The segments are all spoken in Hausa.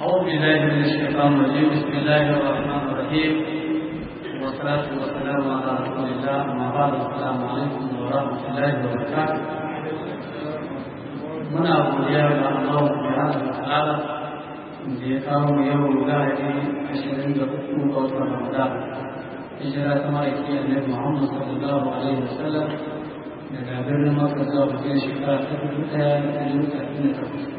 أعوذ بالله من الشيطان الرجيم بسم الله الرحمن الرحيم والصلاة والسلام على رسول الله أما بعد السلام عليكم ورحمة الله وبركاته muna godiya ga Allah subhanahu wa ta'ala da ya kawo mu yau lahadi ashirin da uku ga watan Ramadan hijira ta ma'aiki annabi Muhammad sallallahu alaihi wasallam daga birnin Makka zuwa Madina shekara ta dubu ɗaya da ɗari da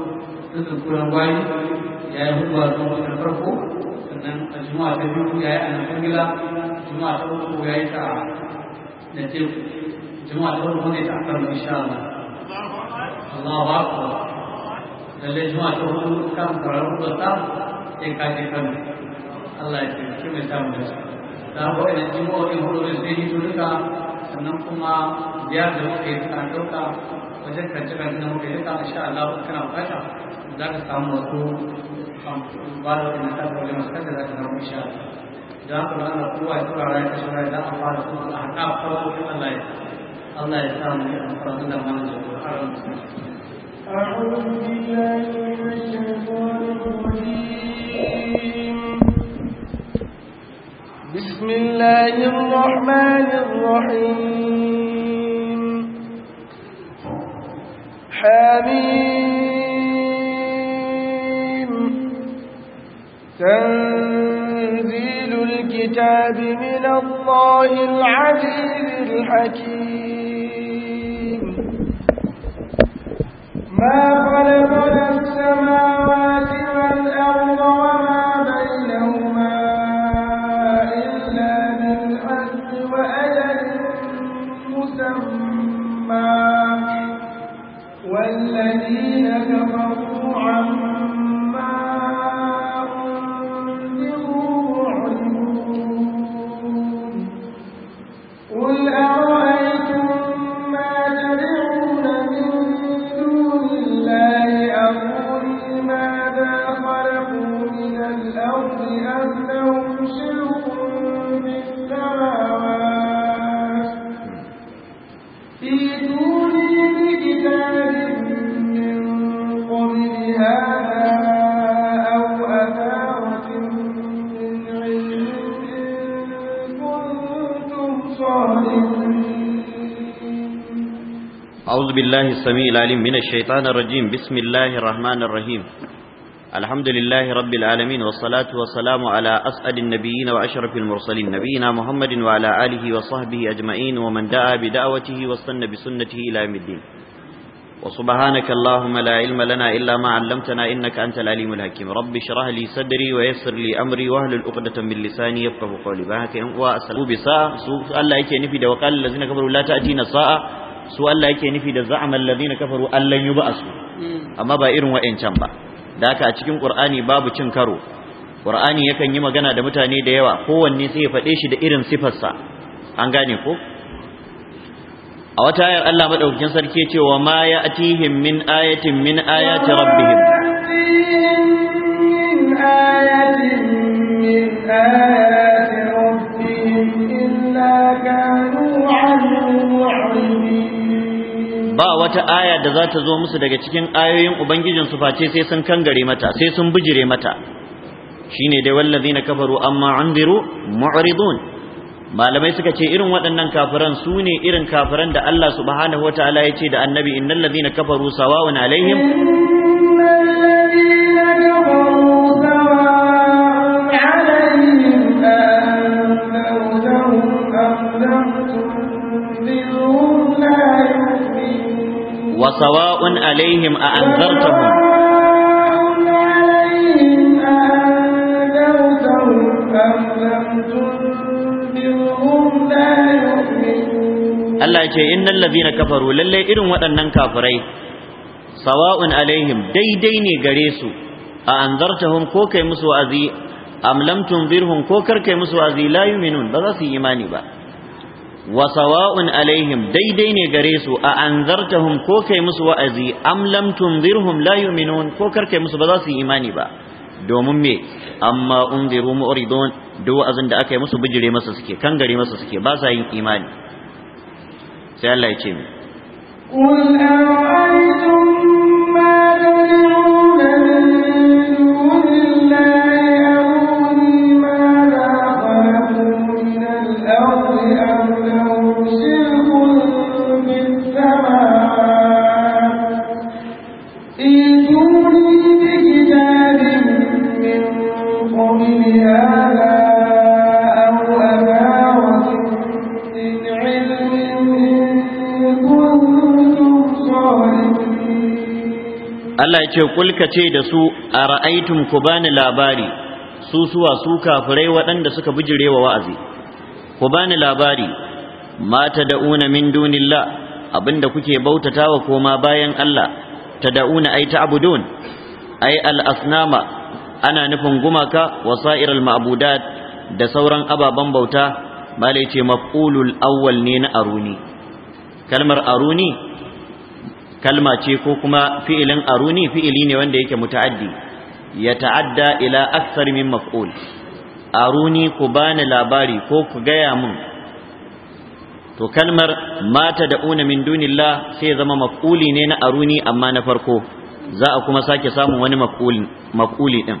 dukkan kuran bayi ya yi hudu a zuwa farko sannan a juma'a ta biyu ya yi a nan ta uku ya yi ta ta akan insha Allah Allah ba ku lalle ta uku kan ta Allah ya ce shi mai samun da su da haka wa'ina juma'o'in hudu da yi sannan kuma biyar da muka yi ta ɗauka wajen kance kan nan muka yi ta za ka samu wasu barar da na tafi wajen wasu da za ka samu insha Allah don haka ba ana kowa ya turara ya kashe rai za a fara su a haɗa a farko in Allah ya Allah ya sa mu yi amfani da mana da Qur'an أعوذ بالله من الشيطان الرجيم بسم الله الرحمن الرحيم حميم تنزيل الكتاب من الله العزيز الحكيم ما خلق بالله السميع العليم من الشيطان الرجيم بسم الله الرحمن الرحيم الحمد لله رب العالمين والصلاة والسلام على أسعد النبيين وأشرف المرسلين نبينا محمد وعلى آله وصحبه أجمعين ومن دعا بدعوته واستنى بسنته إلى يوم الدين وسبحانك اللهم لا علم لنا إلا ما علمتنا إنك أنت العليم الحكيم رب اشرح لي صدري ويسر لي أمري وأهل العقدة من لساني يفقه قولي بهاك وأسأل بساء سوء الله يكي نفيد وقال الذين كفروا لا تأتينا ساء su Allah yake nufi da za'amal ladina kafaru allan yub'asu amma ba irin wa'ancan ba da haka a cikin qur'ani babu cin karo qur'ani yakan yi magana da mutane da yawa kowanne sai ya faɗe shi da irin sifarsa an gane ko a wata ayar Allah madaukakin sarki ya ce wa ma ya'tihim min ayatin min ayati rabbihim ayatin min ayati ba wata aya da za ta zo musu daga cikin ayoyin ubangijinsu face sai sun kangare mata sai sun bijire mata shine dai wallazina kafaru amma anziru mu'ridun malamai suka ce irin waɗannan kafiran su ne irin kafiran da Allah subhanahu wataala ya ce da annabi innal ladzina kafaru sawa'un alaihim sawa'un alaihim a anzartahum Allah ce innal ladhina kafaru lalle irin waɗannan kafirai sawa'un alaihim daidai ne gare su a anzartahum ko kai musu wa'azi am lam tunzirhum ko kar kai musu wa'azi la yu'minun ba za su yi imani ba wa sawa'un alaihim daidai ne gare su a anzartahum ko kai musu wa'azi am lam tunzirhum la yu'minun ko kar kai musu ba za su yi imani ba domin me amma unziru mu'ridun duk wa'azin da aka yi musu bijire masa suke gare masa suke ba su yin imani sai Allah ya ce mu ce kulka ce da su a ra'aitun ku bani labari su suwa su kafirai waɗanda suka bijire wa wa'azi ku bani labari mata da'una min dunillah abinda kuke bautata wa koma bayan Allah ta da'una ai ta abudun ai al'asnama ana nufin gumaka wa sa'iral ma'abudat da sauran ababen bauta malai ce maf'ulul awwal ne na aruni kalmar aruni kalma ce ko kuma fi'ilin aruni fi'ili ne wanda yake muta'addi ya ta'adda ila aksar min maf'ul aruni ku bani labari ko ku gaya mun to kalmar mata da una min dunillah sai zama maf'uli ne na aruni amma na farko za a kuma sake samun wani maf'uli din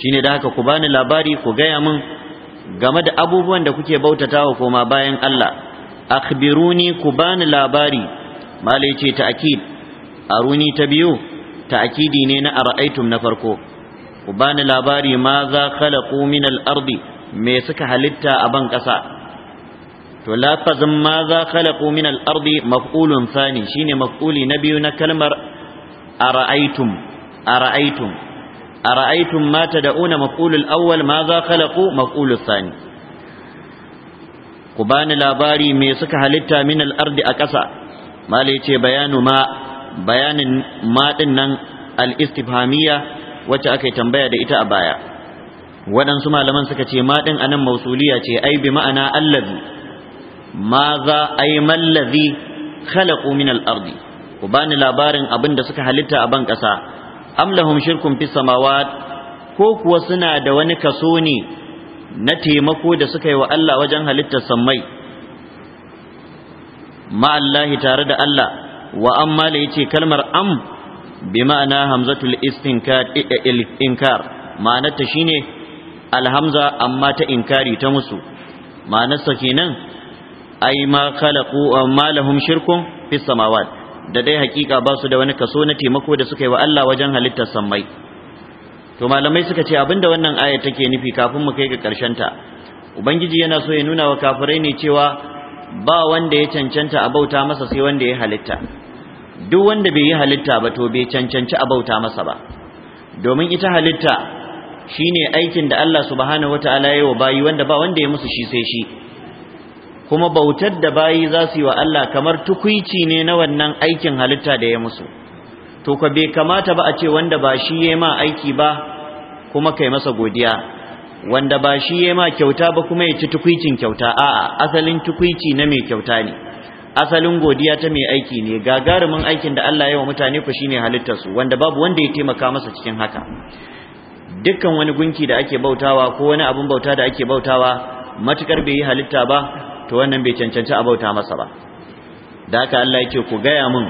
shine da haka ku bani labari ku gaya mun game da abubuwan da kuke bautatawa koma bayan Allah akhbiruni ku bani labari malai ce ta'kid aruni ta biyu ta'kidi ne na ara'aytum na farko ku bani labari ma za khalaqu min al-ardi me suka halitta a ban kasa to lafazin ma za khalaqu min al-ardi maf'ulun thani shine maf'uli na biyu na kalmar ara'aytum ara'aytum ara'aytum ma tad'una maf'ulul awwal ma za khalaqu maf'ulul thani ku bani labari me suka halitta min al-ardi a ƙasa mala yace bayanu ma bayanin maɗin nan al-istifhamiyya wacce aka tambaya da ita a baya waɗansu malaman suka ce maɗin anan mausuliya ce ai bi ma'ana allazi maza ai mallazi khalaqu min al ku bani labarin abin da suka halitta a ban ƙasa am lahum shirkun fi samawa, ko kuwa suna da wani kaso ne na taimako da suka yi wa Allah wajen halittar sammai ma'allahi tare da Allah wa amma la yace kalmar am bi ma'ana hamzatul e, inkar ma'anarta shine alhamza amma ta inkari ta musu ma'anarsa kenan ai ma khalaqu amma shirkun fis samawat da dai hakika ba su da wani kaso na taimako da suka yi wa Allah wajen halittar samai. to malamai suka ce abinda wannan aya take nufi kafin mu kai ga karshen ta ubangiji yana so ya nuna wa kafirai ne cewa ba wanda ya cancanta a bauta masa sai wanda ya halitta duk wanda bai yi halitta ba to bai cancanci a bauta masa ba domin ita halitta shine aikin da Allah subhanahu wataala ya wa bayi wanda ba wanda ya musu shi sai shi kuma bautar da bayi za su yi wa Allah kamar tukuici ne na wannan aikin halitta da ya musu to ka bai kamata ba a ce wanda ba shi ya ma aiki ba kuma kai masa godiya wanda ba shi ya kyauta ba kuma ya ci tukwicin kyauta a'a asalin tukwici na mai kyauta ne asalin godiya ta mai aiki ne gagarumin aikin da Allah ya wa mutane ku shine halittar su wanda babu wanda ya taimaka masa cikin haka dukkan wani gunki da ake bautawa ko wani abin bauta da ake bautawa matukar bai yi halitta ba to wannan bai cancanci a bauta masa ba da haka Allah yake ku gaya mun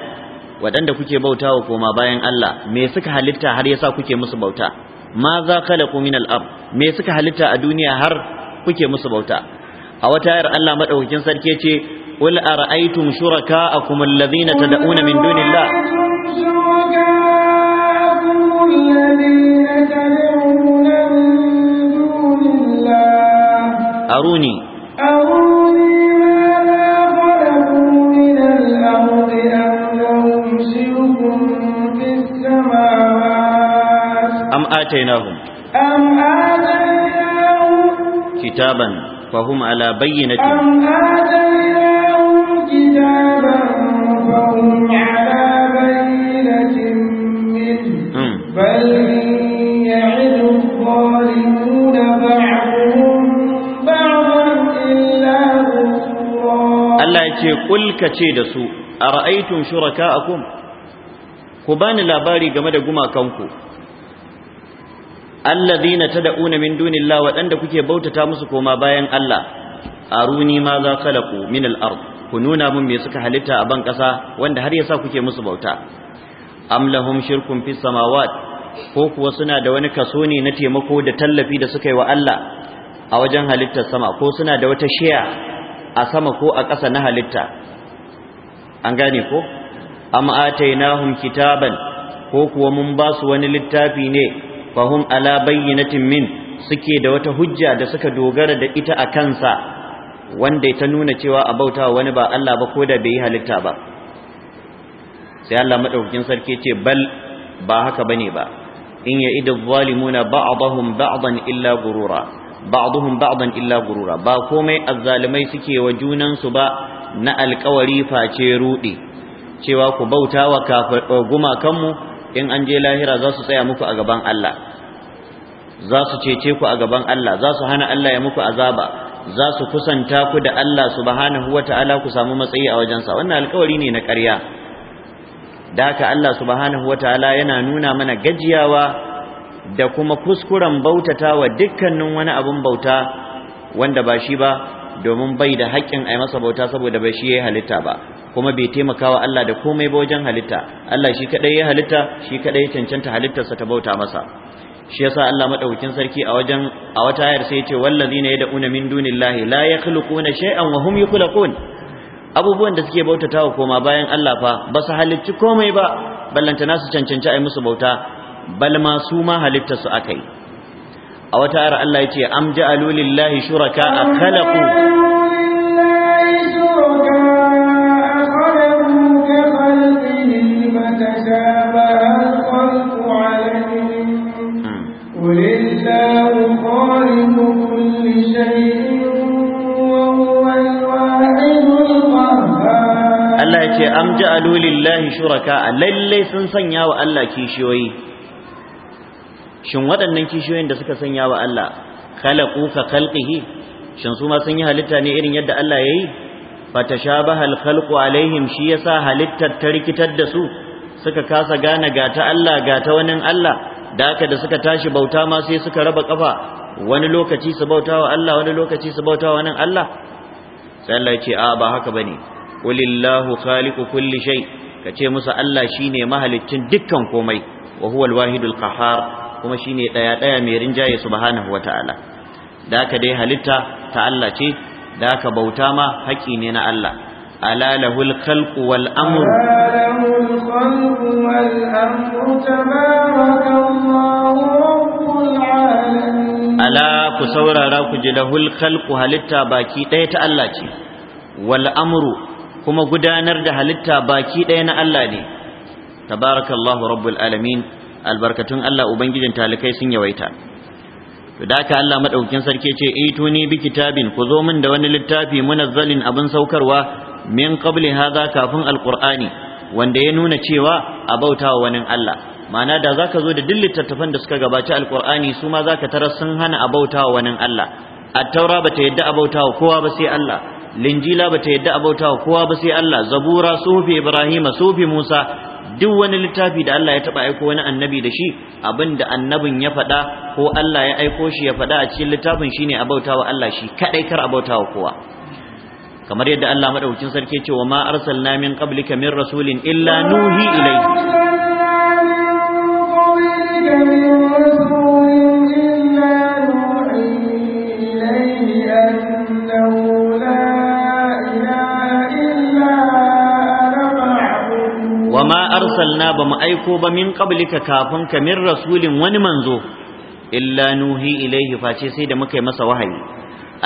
waɗanda kuke bautawa koma bayan Allah me suka halitta har yasa kuke musu bauta ma za khalaqu min al-ard me suka halitta a duniya har kuke musu bauta a wata ayar Allah madaukakin sarki yace qul ara'aytum shuraka'akum alladhina tad'una min dunillah aruni آتيناهم أم آتيناهم كتابا فهم على بينة أم آتيناهم كتابا فهم على بينة منه بل يعد الظالمون بعضهم بعضا إلا غفورا الله يقول كتيد سوء أرأيتم شركاءكم ku bani labari game da gumakanku alladhina tad'una min dunillahi wadanda kuke bautata musu koma bayan Allah aruni ma za khalaqu min al-ard ku nuna mun me suka halitta a ban kasa wanda har yasa kuke musu bauta am lahum shirkun fis samawat ko kuwa suna da wani kaso ne na taimako da tallafi da suka yi wa Allah a wajen halittar sama ko suna da wata shiya a sama ko a kasa na halitta an gane ko am atainahum kitaban ko kuwa mun ba su wani littafi ne fahum ala bayyinatin min suke da wata hujja da suka dogara da ita a kansa wanda ta nuna cewa a bauta wani ba Allah ba ko da bai yi halitta ba sai Allah madaukakin sarki ce bal ba haka bane ba in ya idu zalimuna ba'dahum ba'dan illa gurura ba'dahum ba'dan illa gurura ba komai azzalimai suke wa junan su ba na alkawari face rudi cewa ku bauta wa gumakanmu in an je lahira za su tsaya muku a gaban Allah za su cece ku a gaban Allah za su hana Allah ya muku azaba za su kusanta ku da Allah subhanahu wa ta'ala ku samu matsayi a wajensa wannan alkawari ne na ƙarya da haka Allah subhanahu wa ta'ala yana nuna mana gajiyawa da kuma kuskuren bautata wa dukkanin wani abun bauta wanda ba shi ba domin bai da haƙƙin a masa bauta saboda bai shi ya yi halitta ba kuma bai taimakawa Allah da komai ba wajen halitta Allah shi kadai ya halitta shi kadai ya cancanta halittarsa ta bauta masa shi yasa Allah madaukakin sarki a wajen a wata ayar sai ya ce wallazina yad'una min dunillahi la yakhluquna shay'an wa hum yakhluqun abubuwan da suke bautatawa koma bayan Allah fa ba su halicci komai ba ballantana su cancanci ai musu bauta bal ma su ma halittarsu akai a wata ayar Allah ya ce am ja'alu lillahi shuraka khalaqu am ja'alu lillahi shuraka lalle sun sanya wa Allah kishiyoyi shin waɗannan kishiyoyin da suka sanya wa Allah khalaqu ka khalqihi shin su ma sun yi halitta ne irin yadda Allah yayi fatashabaha al-khalqu alaihim shi yasa halittar ta rikitar da su suka kasa gane ga ta Allah ga ta wani Allah da aka da suka tashi bauta ma sai suka raba kafa wani lokaci su bauta wa Allah wani lokaci su bauta wa wani Allah sai Allah ya ce a ba haka bane qulillahu khaliqu kulli ka kace musu Allah shine mahaliccin dukkan komai wa huwal wahidul qahhar kuma shine daya daya mai rinjaye subhanahu wataala da ka dai halitta ta Allah ce da ka bauta ma haƙi ne na Allah ألا له الخلق والأمر ألا له الخلق والأمر تبارك الله رب العالمين ألا كسورة halitta baki الخلق ta Allah ce, wal amru. kuma gudanar da halitta baki ɗaya na Allah ne tabarakallahu rabbul alamin albarkatun Allah ubangijin talikai sun yawaita to da ka Allah madaukakin sarki ce tuni bi kitabin ku zo min da wani littafi munazzalin abin saukarwa min qabli hadha kafin alqur'ani wanda ya nuna cewa a wa wani Allah ma'ana da zaka zo da duk littattafan da suka gabaci alqur'ani su ma zaka tarar sun hana abautawa wani Allah at-taura bata yadda abautawa kowa ba sai Allah linjila ba ta yadda abauta wa kowa ba sai Allah zabura sufi ibrahima sufi musa duk wani littafi da Allah ya taba aiko wani annabi da shi abinda annabin ya faɗa ko Allah ya aiko shi ya faɗa a cikin littafin shine abauta wa Allah shi kadai kar abauta wa kowa kamar yadda Allah madaukakin sarki ce wa ma arsalna min qablika min rasulin illa nuhi ilayhi arsalna ba mu aiko ba min qablika kafin ka min rasulin wani manzo illa nuhi ilaihi face sai da muka masa wahayi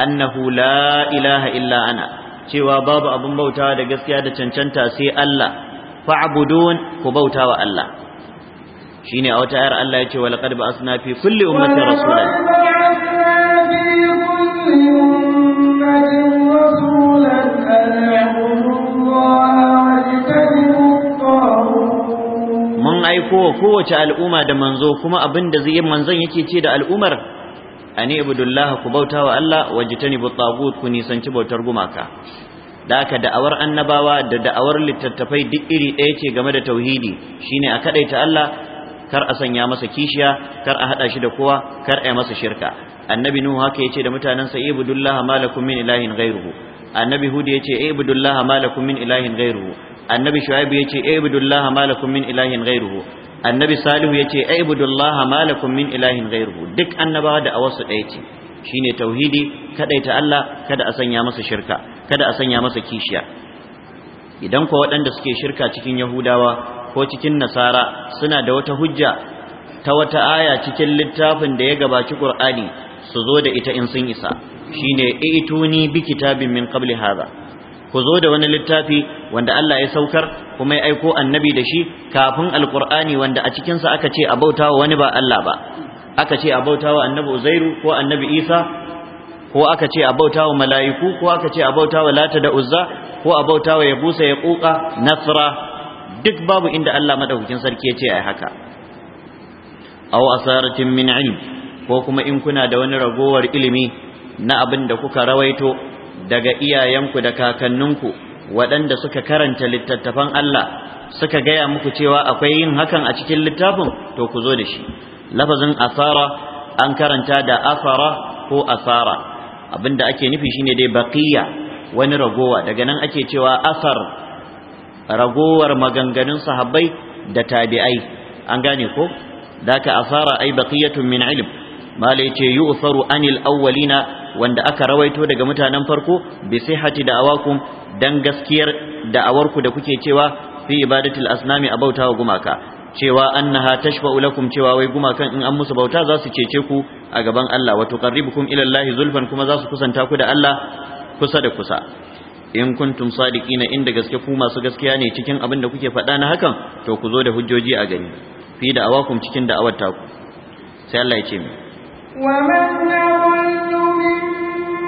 annahu la ilaha illa ana cewa babu abun bautawa da gaskiya da cancanta sai Allah fa'budun ku bautawa Allah shine a wata 'yar Allah yace wa laqad ba'athna fi kulli ummatin rasulan aiko wa kowace al'umma da manzo kuma abin da zai manzon yake ce da al'ummar ani ibudullah ku bauta wa Allah wajitani bu tagut ku nisanci bautar gumaka da aka da'awar annabawa da da'awar littattafai duk iri ɗaya ce game da tauhidi shine a kadaita Allah kar a sanya masa kishiya kar a hada shi da kowa kar a masa shirka annabi nuhu haka yace da mutanansa ibudullah malakum min ilahin ghairuhu annabi hud yace ibudullah malakum min ilahin ghairuhu annabi shu'aibu yace ibudullah malakum min ilahin ghairuhu annabi salihu yace ibudullah malakum min ilahin ghairuhu duk annabawa da awasu ɗaya ce shine tauhidi kadaita Allah kada a sanya masa shirka kada a sanya masa kishiya idan ko waɗanda suke shirka cikin yahudawa ko cikin nasara suna da wata hujja ta wata aya cikin littafin da ya gabaci qur'ani su zo da ita in sun isa shine ituni bi kitabin min qabli hadha ku zo da wani littafi wanda Allah ya saukar kuma ya aiko annabi da shi kafin alqur'ani wanda a cikinsa aka ce a bautawa wani ba Allah ba aka ce a bautawa annabi Uzairu ko annabi Isa ko aka ce a bautawa mala'iku ko aka ce a bautawa Lata da Uzza ko a bautawa Yabusa ya kuka Nasra duk babu inda Allah madaukakin sarki ya ce ai haka aw asaratin min ilm ko kuma in kuna da wani ragowar ilimi na abin da kuka rawaito daga iyayenku da kakanninku waɗanda suka karanta littattafan Allah suka gaya muku cewa akwai yin hakan a cikin littafin to ku zo da shi lafazin asara an karanta da asara ko asara abinda ake nufi shine dai baqiya wani ragowa daga nan ake cewa asar ragowar maganganun sahabbai da tabi'ai an gane ko daka asara ai baqiyatun min ilm mala yace yu'saru anil awwalina wanda aka rawaito daga mutanen farko bi da awakum dan gaskiyar da'awarku da kuke cewa fi ibadatil asnami abauta wa gumaka cewa annaha tashba'u lakum cewa wai gumakan in an musu bauta za su cece ku a gaban Allah wa tuqarribukum ila Allah zulfan kuma za su kusanta ku da Allah kusa da kusa in kuntum sadiqina inda gaske ku masu gaskiya ne cikin abin da kuke faɗa na hakan to ku zo da hujjoji a gani. fi awakum cikin da'awar taku sai Allah ya ce mu wa man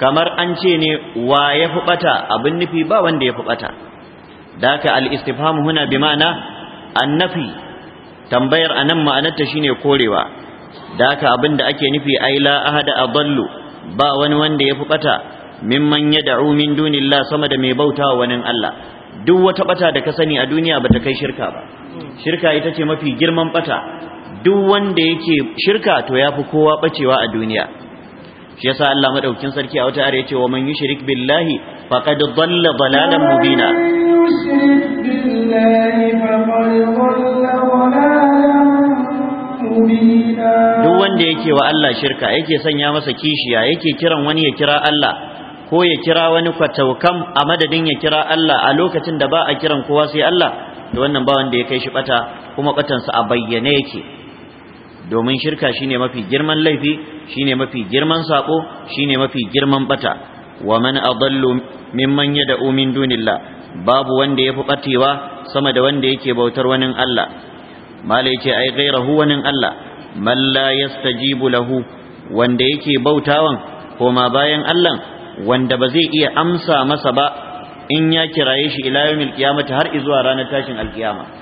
kamar an ce ne wa ya fi bata abin nufi ba wanda ya fi bata da haka al-istifham huna bi ma'ana nafi tambayar a anan ma'anarta ne korewa da haka abin da ake nufi ai la a ballo, ba wani wanda ya fi bata mimman yad'u min dunillah sama da mai bauta wa wani Allah duk wata bata da ka sani a duniya bata kai shirka ba shirka ita ce mafi girman bata duk wanda yake shirka to yafi kowa bacewa a duniya shi yasa Allah madaukin sarki a wata ayar yace wa man yushrik billahi faqad dhalla dhalalan mubina duk wanda yake wa Allah shirka yake sanya masa kishiya yake kiran wani ya kira Allah ko ya kira wani kwataukam a madadin ya kira Allah a lokacin da ba a kiran kowa sai Allah da wannan ba wanda ya kai shi bata kuma batansa a bayyane yake domin shirka shine mafi girman laifi shine mafi girman sako shine mafi girman bata wa man adallu mimman yad'u min dunillah babu wanda yafi batewa sama da wanda yake bautar wani Allah malai ce ai ghairahu wani Allah man la yastajibu lahu wanda yake bautawan koma bayan Allah wanda ba zai iya amsa masa ba in ya kiraye shi ila yawmil qiyamati har izuwa ranar tashin alkiyama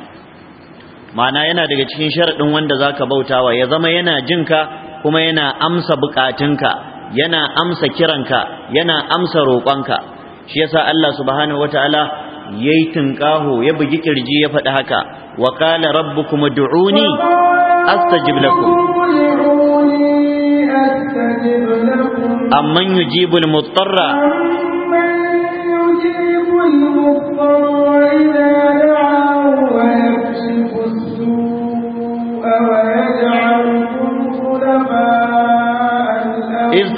ma'ana yana daga cikin sharaɗin wanda za ka bautawa ya zama yana jinka kuma yana amsa bukatunka yana amsa kiranka yana amsa roƙonka shi yasa Allah subhanahu wataala yayi tinkaho ya bugi ƙirji ya faɗi haka wa qala rabbukum ud'uni astajib lakum amman yujibul mutarra amman yujibul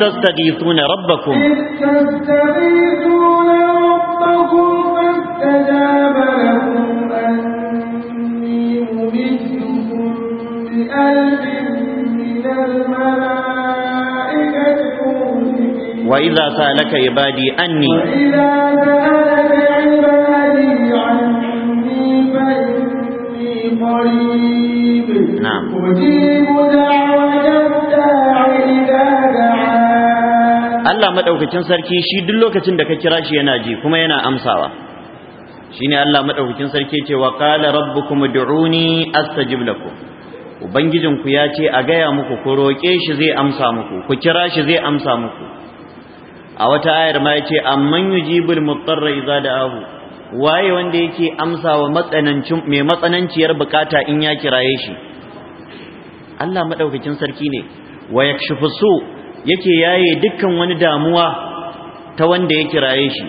تستغيثون ربكم إذ تستغيثون ربكم فاستجاب لكم أني ممدكم بألف من الملائكة وإذا سألك عبادي أني وإذا سألك عبادي عني فإني قريب نعم أجيب Allah madaukakin sarki shi duk lokacin da ka kira shi yana ji kuma yana amsawa shine Allah madaukakin sarki ce wa qala rabbukum ud'uni astajib lakum ubangijinku ya ce a gaya muku ku roke shi zai amsa muku ku kira shi zai amsa muku a wata ayar ma ya ce amman yujibul mutarra idza da'ahu waye wanda yake amsawa matsanancin mai matsananciyar bukata in ya kiraye shi Allah madaukakin sarki ne wa yakshifu su yake yaye dukkan wani damuwa ta wanda ya kiraye shi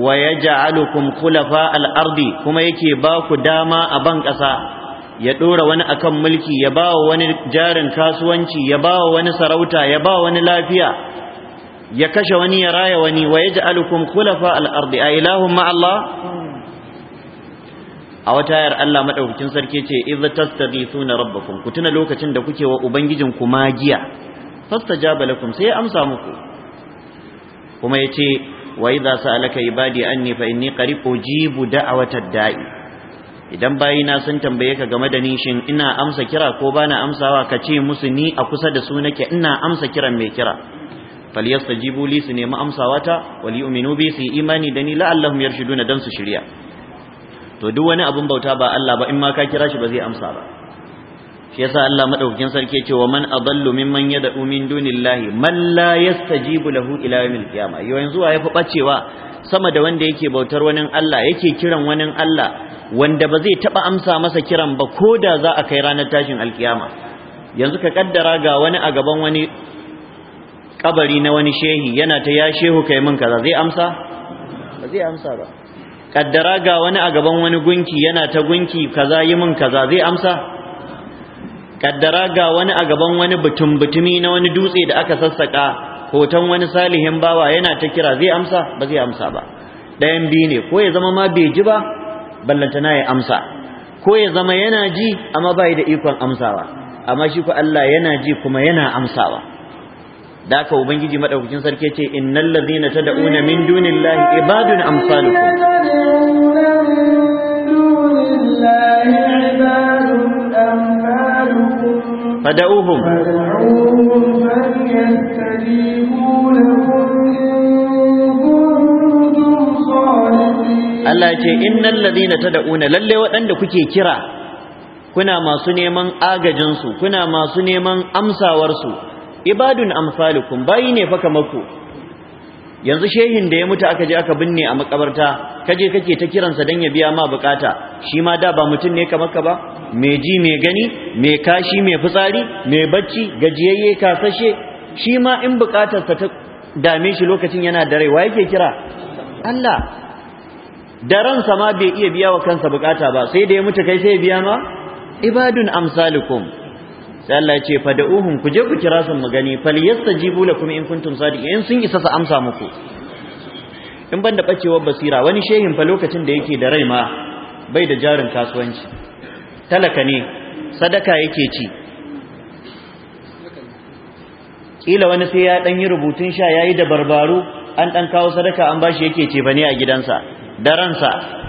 wa yaj'alukum khulafa al-ardi kuma yake ba ku dama a ban ƙasa ya ɗora wani akan mulki ya ba wa wani jarin kasuwanci ya ba wa wani sarauta ya ba wani lafiya ya kashe wani ya raya wani wa yaj'alukum khulafa al-ardi a ilahum ma Allah a wata yar Allah madaukakin sarki ce idza tastaghithuna rabbakum kutuna tuna lokacin da kuke wa ubangijin kuma magiya fastajaba lakum sai ya amsa muku kuma yace wa idza sa'alaka ibadi anni fa inni qarib ujibu da'watad da'i idan na sun tambaye ka game da nishin ina amsa kira ko bana amsawa ka ce musu ni a kusa da su nake ina amsa kiran mai kira Fal yastajibu li su nemi amsawata wal yu'minu bi su imani da ni la'allahum yarshiduna dan su shirya to duk wani abun bauta ba Allah ba in ma ka kira shi ba zai amsa ba shi yasa Allah madaukakin sarki yake wa man adallu mimman yad'u min dunillahi man la yastajibu lahu ila yawmil qiyamah yanzu wa fa bacewa sama da wanda yake bautar wani Allah yake kiran wani Allah wanda ba zai taba amsa masa kiran ba ko da za a kai ranar tashin alkiyama yanzu ka kaddara ga wani a gaban wani kabari na wani shehi yana ta ya shehu kai min kaza zai amsa ba zai amsa ba kaddara ga wani a gaban wani gunki yana ta gunki kaza yi min kaza zai amsa kaddara ga wani a gaban wani butum butumi na wani dutse da aka sassaka hoton wani salihin bawa yana ta kira zai amsa ba zai amsa ba ɗayan biyu ne ko ya zama ma bai ji ba ballanta na ya amsa ko ya zama yana ji amma bai da ikon amsawa amma shi ku Allah yana ji kuma yana amsawa da haka ubangiji madaukakin sarki ce innal ladzina tad'una min dunillahi ibadun amsalukum فدعوهم Allah ya ce innal ladina tad'una lalle waɗanda kuke kira kuna masu neman agajin su kuna masu neman amsawar su ibadun amsalukum bayi ne fa kamar yanzu shehin da ya mutu aka je aka binne a makabarta kaje kake ta kiransa dan ya biya ma bukata shi ma da ba mutum ne kamar ka ba mai ji mai gani mai kashi mai fitsari mai bacci gajiyayye kasashe shi ma in bukatarsa ta dame shi lokacin yana da rai wa yake kira Allah daran ma bai iya biya wa kansa bukata ba sai da ya mutu kai sai ya biya ma ibadun amsalukum sai Allah ya ce da'uhum ku je ku kira su mu gani yastajibu lakum in kuntum sadiqin in sun isa su amsa muku in banda bacewar basira wani shehin fa lokacin da yake da rai ma bai da jarin kasuwanci talaka ne sadaka yake ci kila wani sai ya dan yi rubutun sha yayi da barbaru an dan kawo sadaka an bashi yake ce bane a gidansa da ransa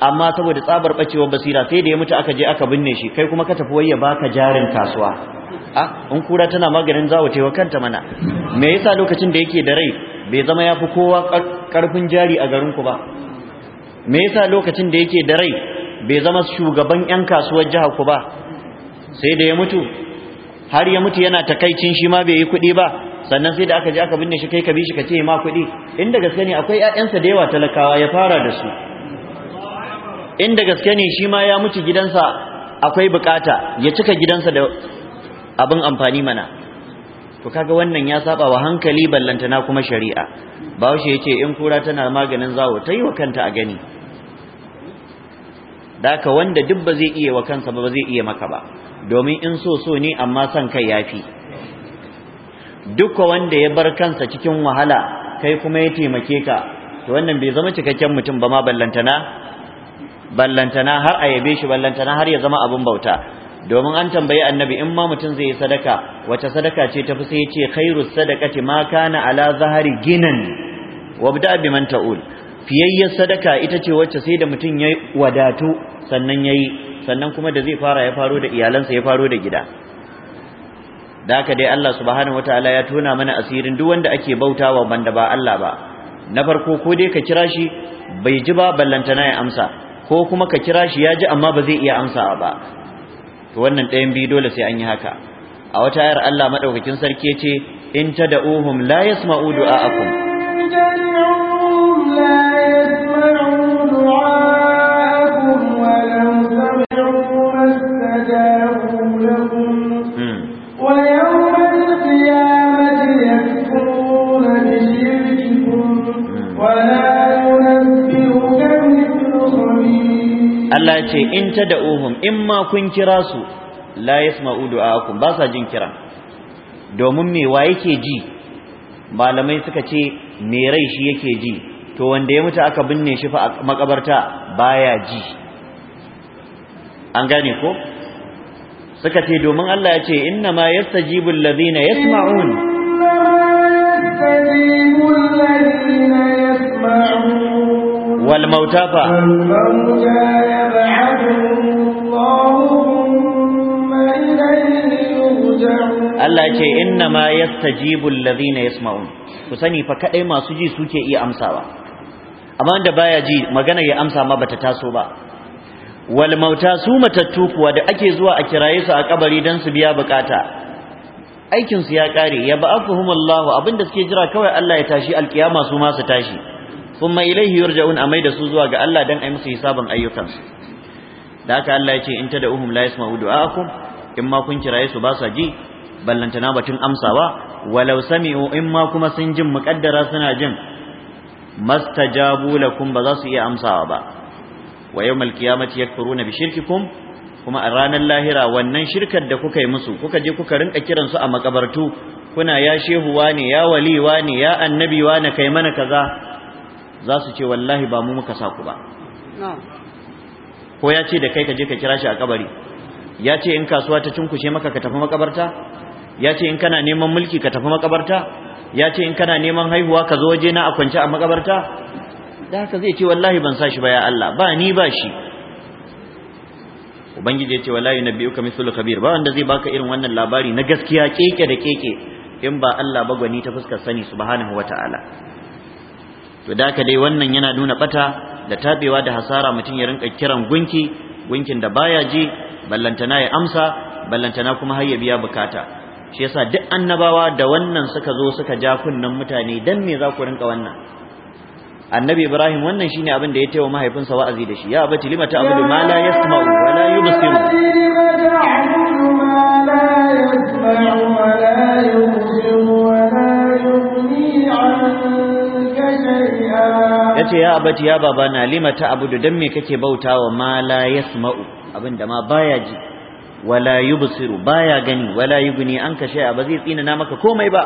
amma saboda tsabar bacewar basira sai da ya mutu aka je aka binne shi kai kuma ka tafi wai baka jarin kasuwa a ah, in kura tana maganin zawo tewa kanta mana me yasa lokacin da yake da rai bai zama yafi kowa karfin jari a garin ku ba me yasa lokacin da yake da rai bai zama shugaban yan kasuwar jihar ku ba sai da ya mutu har ya mutu yana takaicin shi ma bai yi kuɗi ba sannan sai da aka je aka binne shi kai ka bi shi ka ce ma kuɗi da gaske ne akwai 'ya'yansa da yawa talakawa ya fara da su inda gaske ne shi ma ya mutu gidansa akwai bukata ya cika gidansa da abin amfani mana to kaga wannan ya saba wa hankali ballantana kuma shari'a bawashi ya ce in kura tana maganin zawo ta yi wa kanta a gani daka wanda duk ba zai iya wa kansa ba zai iya maka ba domin in so so ne amma son kai yafi Duk wanda ya bar kansa cikin wahala kai kuma ya taimake ka to wannan bai zama cikakken mutum ba ma ballantana ballantana har a yabe shi ballantana har ya zama abin bauta domin an tambayi annabi in ma mutum zai yi sadaka wace sadaka ce tafi sai ya ce khairu sadaqati ma kana ala zahari ginan wabda bi man ta'ul fiyayyar sadaka ita ce wacce sai da mutum ya wadatu sannan yayi sannan kuma da zai fara ya faro da iyalansa ya faro da gida da haka dai Allah subhanahu wataala ya tona mana asirin duk wanda ake bautawa banda ba Allah ba na farko ko dai ka kira shi bai ji ba ballantana ya amsa ko kuma ka kira shi ya ji amma ba zai iya amsawa ba to wannan ɗayan biyu dole sai an yi haka a wata ayar Allah madaukakin sarki ce in ta da yasma'u du'a'akum la yasma'u du'a'akum Allah ya ce in ta da uhum in ma kun kira su la yasma'u du'aakum ba sa jin kira domin me wa yake ji malamai suka ce me rai shi yake ji to wanda ya mutu aka binne shi fa makabarta baya ji an gane ko suka ce domin Allah ya ce inna ma yastajibu alladhina yasma'un yastajibu alladhina yasma'un wal mauta fa Allah ce inna ma yastajibu alladhina yasma'un ku sani fa kadai masu ji suke iya amsawa amma da baya ji magana ya amsa ma bata taso ba wal mauta su matattu kuwa da ake zuwa a kiraye su a kabari dan su biya bukata aikin su ya kare ya ba'athuhum Allah abinda suke jira kawai Allah ya tashi alkiyama su ma su tashi thumma ilayhi yurja'un amai da su zuwa ga Allah dan ai musu hisabin ayyukansu da haka Allah ya ce in tad'uhum la yasma'u du'aakum in ma kun kiraye su ba sa ji ballantana batun amsawa walau sami'u in ma kuma sun jin muqaddara suna jin mastajabu lakum ba za su iya amsawa ba wa yawmal qiyamati yakfuruna bi shirkikum kuma a ranar lahira wannan shirkar da kuka yi musu kuka je kuka rinka kiran su a makabartu kuna ya shehuwa ne ya waliwa ne ya annabiwa ne kai mana kaza za su ce wallahi ba mu muka saku ba ko ya ce da kai ka je ka kira shi a kabari ya ce in kasuwa ta cunkushe maka ka tafi makabarta ya ce in kana neman mulki ka tafi makabarta ya ce in kana neman haihuwa ka zo waje na a kwance a makabarta da haka zai ce wallahi ban sa shi ba ya Allah ba ni ba shi ubangiji ya ce wallahi uka mithlu khabir ba wanda zai baka irin wannan labari na gaskiya keke da keke in ba Allah ba gwani ta fuskar sani subhanahu wataala to da ka dai wannan yana nuna bata da tabewa da hasara mutum ya rinka kiran gunki gunkin da baya ji ballantana ya amsa ballantana kuma har ya biya bukata shi yasa duk annabawa da wannan suka zo suka ja kunnan mutane dan me za ku rinka wannan annabi ibrahim wannan shine abin da ya taiwa mahaifinsa wa'azi da shi ya abati lima ta'budu ma la yasma'u wa la yubsiru ce ya abati ya na lima abu da dan me kake bautawa ma la yasma'u abinda ma baya ji wala yubsiru baya gani wala yubni an kashe ba zai tsina na maka komai ba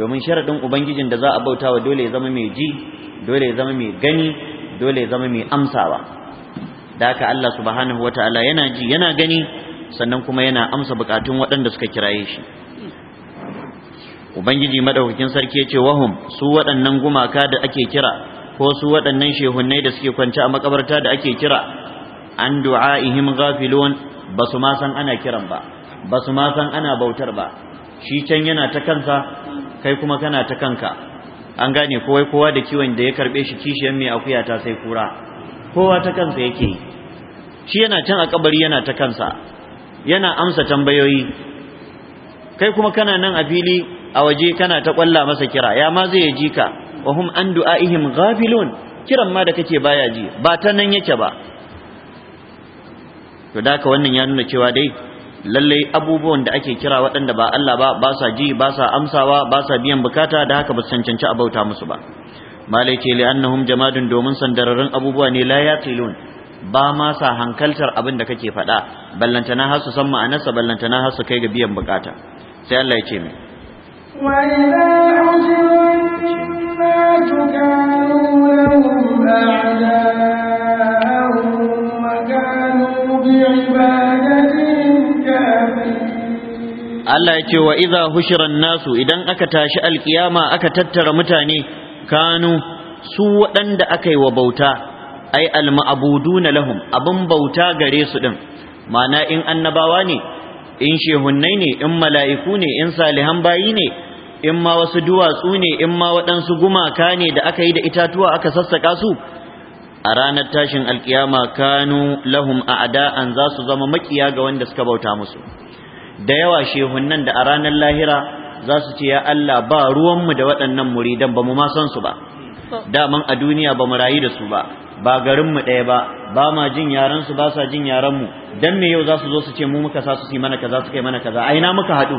domin sharadin ubangijin da za a bautawa dole ya zama mai ji dole ya zama mai gani dole ya zama mai amsawa da haka Allah subhanahu wataala yana ji yana gani sannan kuma yana amsa bukatun waɗanda suka kiraye shi ubangiji madaukakin sarki yace wahum su waɗannan gumaka da ake kira ko su waɗannan shehunnai da suke kwance a makabarta da ake kira an du'aihim ghafilun ba su ma san ana kiran ba ba su ma san ana bautar ba shi can yana ta kansa kai kuma kana ta kanka an gane kowai kowa da kiwon da ya karbe shi kishiyar mai akuya ta sai kura kowa ta kansa yake yi shi yana can a kabari yana ta kansa yana amsa tambayoyi kai kuma kana nan a fili a waje kana ta kwalla masa kira ya ma zai ji ka wa hum an du'aihim ghafilun kiran ma da kake baya ji ba ta nan yake ba to da ka wannan ya nuna cewa dai lallai abubuwan da ake kira waɗanda ba Allah ba ba sa ji ba sa amsawa ba sa biyan bukata da haka ba su cancanci a bauta musu ba malai ce li'annahum jamadun domin sandararrun abubuwa ne la yaqilun ba ma sa hankaltar abin da kake faɗa ballantana har su san ma'anarsa ballantana har su kai ga biyan bukata sai Allah ya ce mai Allah yake wa idza hushiran nasu idan aka tashi alkiyama aka tattara mutane kanu su wadanda aka yi wa bauta ai alma'abuduna lahum abun bauta gare su din mana in annabawa ne in shehunnai ne in mala'iku ne in salihan bayi ne in ma wasu duwatsu ne in ma waɗansu gumaka ne da aka yi da itatuwa aka sassaƙa su a ranar tashin alƙiyama kanu lahum a'da'an za su zama makiya ga wanda suka bauta musu da yawa shehunnan da a ranar lahira za su ce ya Allah ba ruwanmu da waɗannan muridan ba mu ma san su ba daman a duniya ba mu rayu da su ba ba garinmu ɗaya ba ba ma jin yaran su ba sa jin yaran mu dan me yau za su zo su ce mu muka sa su yi mana kaza su kai mana kaza a ina muka haɗu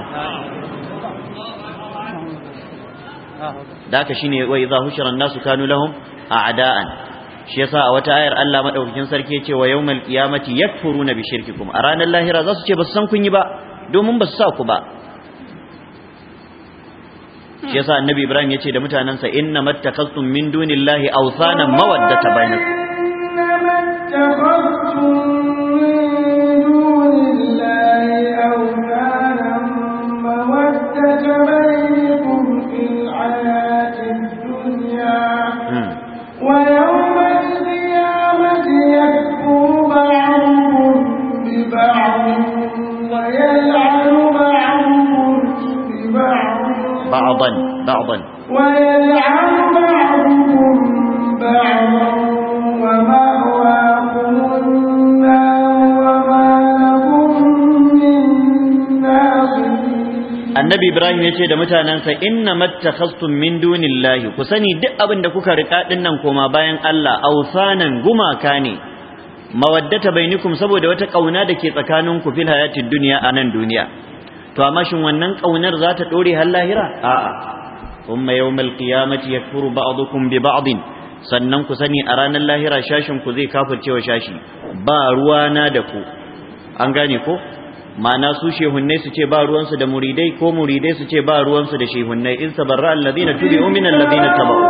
da shine wa idza hushira an-nasu kanu lahum a'da'an shi yasa a wata ayar Allah madaukakin sarki yace wa yawmal qiyamati yakfuruna bi shirkikum a ranar lahira zasu ce ba su san kun yi ba domin basu sa ku ba shi yasa annabi Ibrahim yace da mutanansa inna mattakhastum min dunillahi awsanan mawaddata bainakum ya ce da mutanansa inna mattakhastum min dunillahi ku sani duk abin da kuka rika din nan koma bayan Allah awsanan gumaka ne mawaddata bainikum, saboda wata kauna da ke ku fil hayatid dunya anan duniya to amma shin wannan kaunar za ta dore har lahira a umma yawmal qiyamati yakfuru ba'dukum bi ba'din sannan ku sani a ranar lahira shashin ku zai kafircewa shashi ba ruwana da ku an gane ko ma'ana su shehunnai su ce ba ruwansu da muridai ko muridai su ce ba ruwansu da shehunnai in sabarra allazina tubi'u min allazina tabau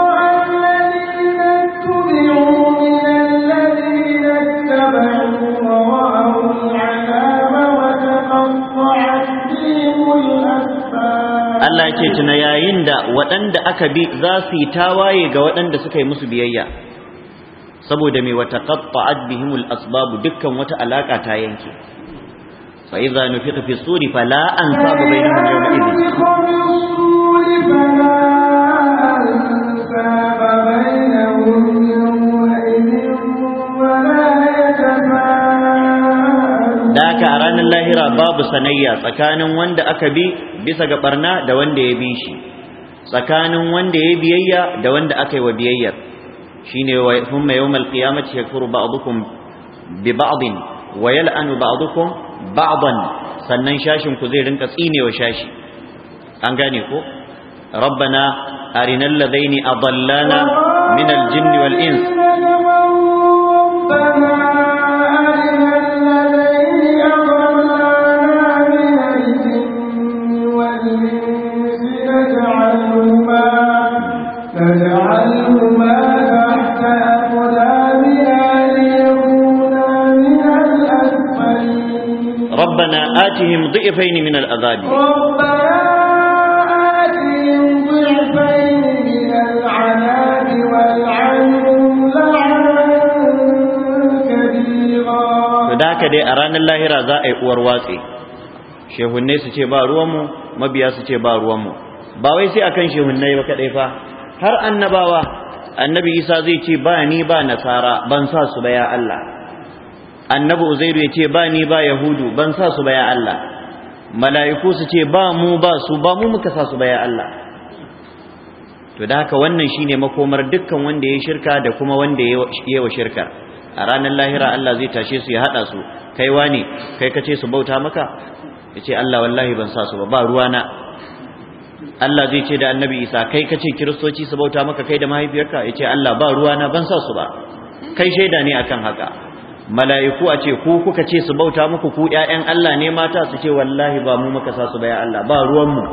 Allah ya ce tuna yayin da waɗanda aka bi za su yi tawaye ga waɗanda suka yi musu biyayya saboda mai wata qatta'at bihimul asbabu dukkan wata alaka ta yanke فإذا نفخ في الصور فلا أنساب بينهم يومئذ Daka a ranar lahira babu sanayya tsakanin wanda aka bi bisa ga barna da wanda ya bi shi, tsakanin wanda ya biyayya da wanda aka yi wa biyayyar, shi ne wa sun mai yau malƙiyamata shekaru ba'adukun bi ba'adin wa yal'anu ba'adukun ba'dan sannan shashin ku zai rinka tsinewa shashi an gane ko rabbana arinal ladaini adallana min aljinni wal ins rabbana آتهم zai من العذاب ربنا آتهم ضئفين a ranar lahira za a yi دي shehunne su ce ba ruwanmu mabiya su ce ba ruwanmu ba wai sai akan shehunne ba kadai fa har annabawa annabi isa zai ce ba ni ba nasara ban sa su ba ya allah annabi uzairu ya ce ba ni ba yahudu ban sa su ba ya Allah mala'iku su ce ba mu ba su ba mu muka sa su ba ya Allah to da haka wannan shine makomar dukkan wanda ya shirka da kuma wanda ya yi wa shirka a ranar lahira Allah zai tashe su ya hada su kai wani kai kace su bauta maka yace Allah wallahi ban sa su ba ba ruwana Allah zai ce da Annabi Isa kai kace kiristoci su bauta maka kai da mahaifiyarka yace Allah ba ruwana ban sa su ba kai shaida ne akan haka mala'iku a ce ku kuka ce su bauta muku ku ƴaƴan Allah ne mata su ce wallahi ba mu muka sa su ba Allah ba ruwan mu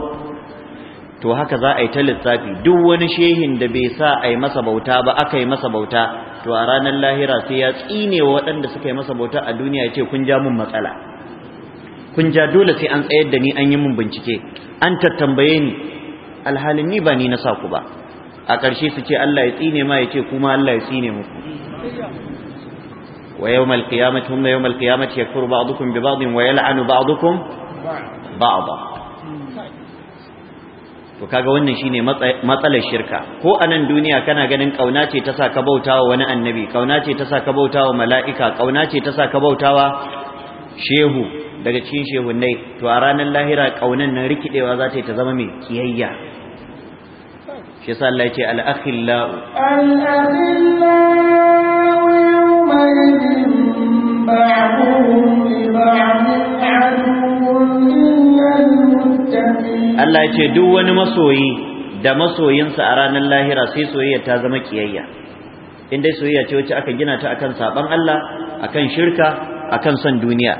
to haka za a yi ta lissafi duk wani shehin da bai sa a yi masa bauta ba aka yi masa bauta to a ranar lahira sai ya tsine wa waɗanda suka yi masa bauta a duniya ya ce kun ja mun matsala kun ja dole sai an tsayar da ni an yi mun bincike an tattambaye ni alhalin ni ba ni na sa ku ba a ƙarshe su ce Allah ya tsine ma ya ce kuma Allah ya tsine muku ويوم القيامة هم يوم القيامة يكفر بعضكم ببعض ويلعن بعضكم بعضا to kaga wannan shine matsalar shirka ko a nan duniya kana ganin kauna ce ta sa bautawa wani annabi kauna ce ta sa bautawa mala'ika kauna ce ta sa bautawa shehu daga cikin shehunnai to a ranar lahira kaunan nan rikidewa za ta yi ta zama mai kiyayya shi yasa Allah ya ce al-akhillau al-akhillau Allah ya duk wani wani masoyi da masoyinsa a ranar lahira sai soyayya ta zama kiyayya in soyayya ce wacce aka gina ta akan saban Allah akan shirka akan son duniya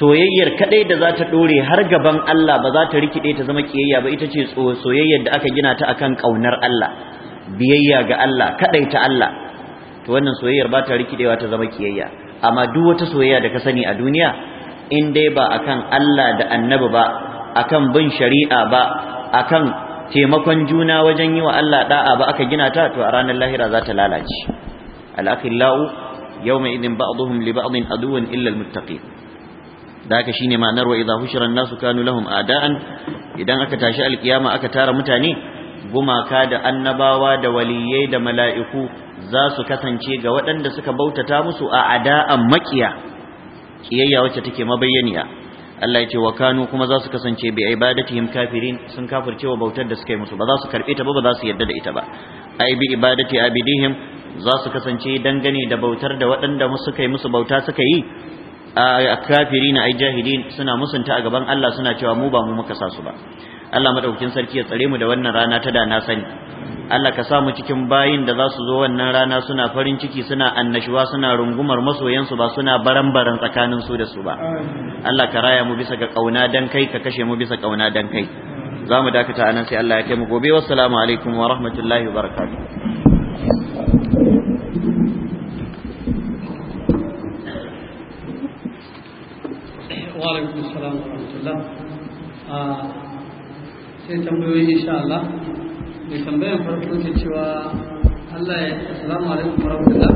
soyayyar kadai da za ta dore har gaban Allah ba za ta rikide ta zama kiyayya ba ita ce soyayyar da aka gina ta akan kaunar Allah biyayya ga Allah kadai ta Allah to wannan soyayyar ba ta rikidewa ta zama kiyayya amma duk wata soyayya da ka sani a duniya in dai ba akan Allah da annabi ba akan bin shari'a ba akan taimakon juna wajen yi wa Allah da'a ba aka gina ta to a ranar lahira za ta lalace al-akhillau yawma idin ba'dhum li ba'din aduwwan illa al-muttaqin da shine ma'anar wa idza hushira an-nasu kanu lahum a'da'an idan aka tashi alkiyama aka tara mutane gumaka da annabawa da waliyai da mala'iku za su kasance ga waɗanda suka bautata musu a ada'an makiya kiyayya wacce take mabayyaniya Allah ya ce wa kanu kuma za su kasance bi ibadatihim kafirin sun kafirce wa bautar da suka yi musu ba za su karbe ta ba ba za su yarda da ita ba ai bi ibadati abidihim za su kasance dangane da bautar da waɗanda suka yi musu bauta suka yi a kafirin ai jahilin suna musunta a gaban Allah suna cewa mu ba mu muka sa su ba Allah madaukakin sarki ya tsare mu da wannan rana ta da na sani Allah ka sa mu cikin bayin da za su zo wannan rana suna farin ciki suna annashuwa suna rungumar masoyansu ba suna baran-baran tsakanin su da su ba Allah ka raya mu bisa ga kauna dan kai ka kashe mu bisa kauna dan kai za mu dakata anan sai Allah ya kai mu gobe wassalamu alaikum wa rahmatullahi wa barakatuh وعليكم السلام wa الله sai tambayoyi insha Allah da tambayan farko ta cewa Allah ya assalamu alaikum warahmatullah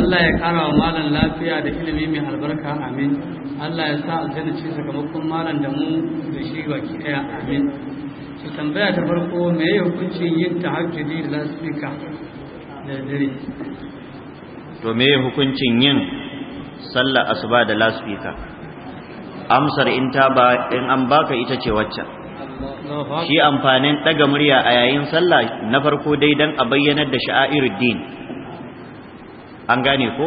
Allah ya kara wa malam lafiya da ilimi mai albarka amin Allah ya sa aljanna ce sakamakon malam da mu da shi baki daya amin Sai tambaya ta farko me ya hukuncin yin tahajjudi da lasifika da dare to me ya hukuncin yin sallar asuba da lasifika? amsar in ta ba in an baka ita ce waccan shi amfanin ɗaga murya a yayin sallah na farko dai don a bayyanar da din. an gane ko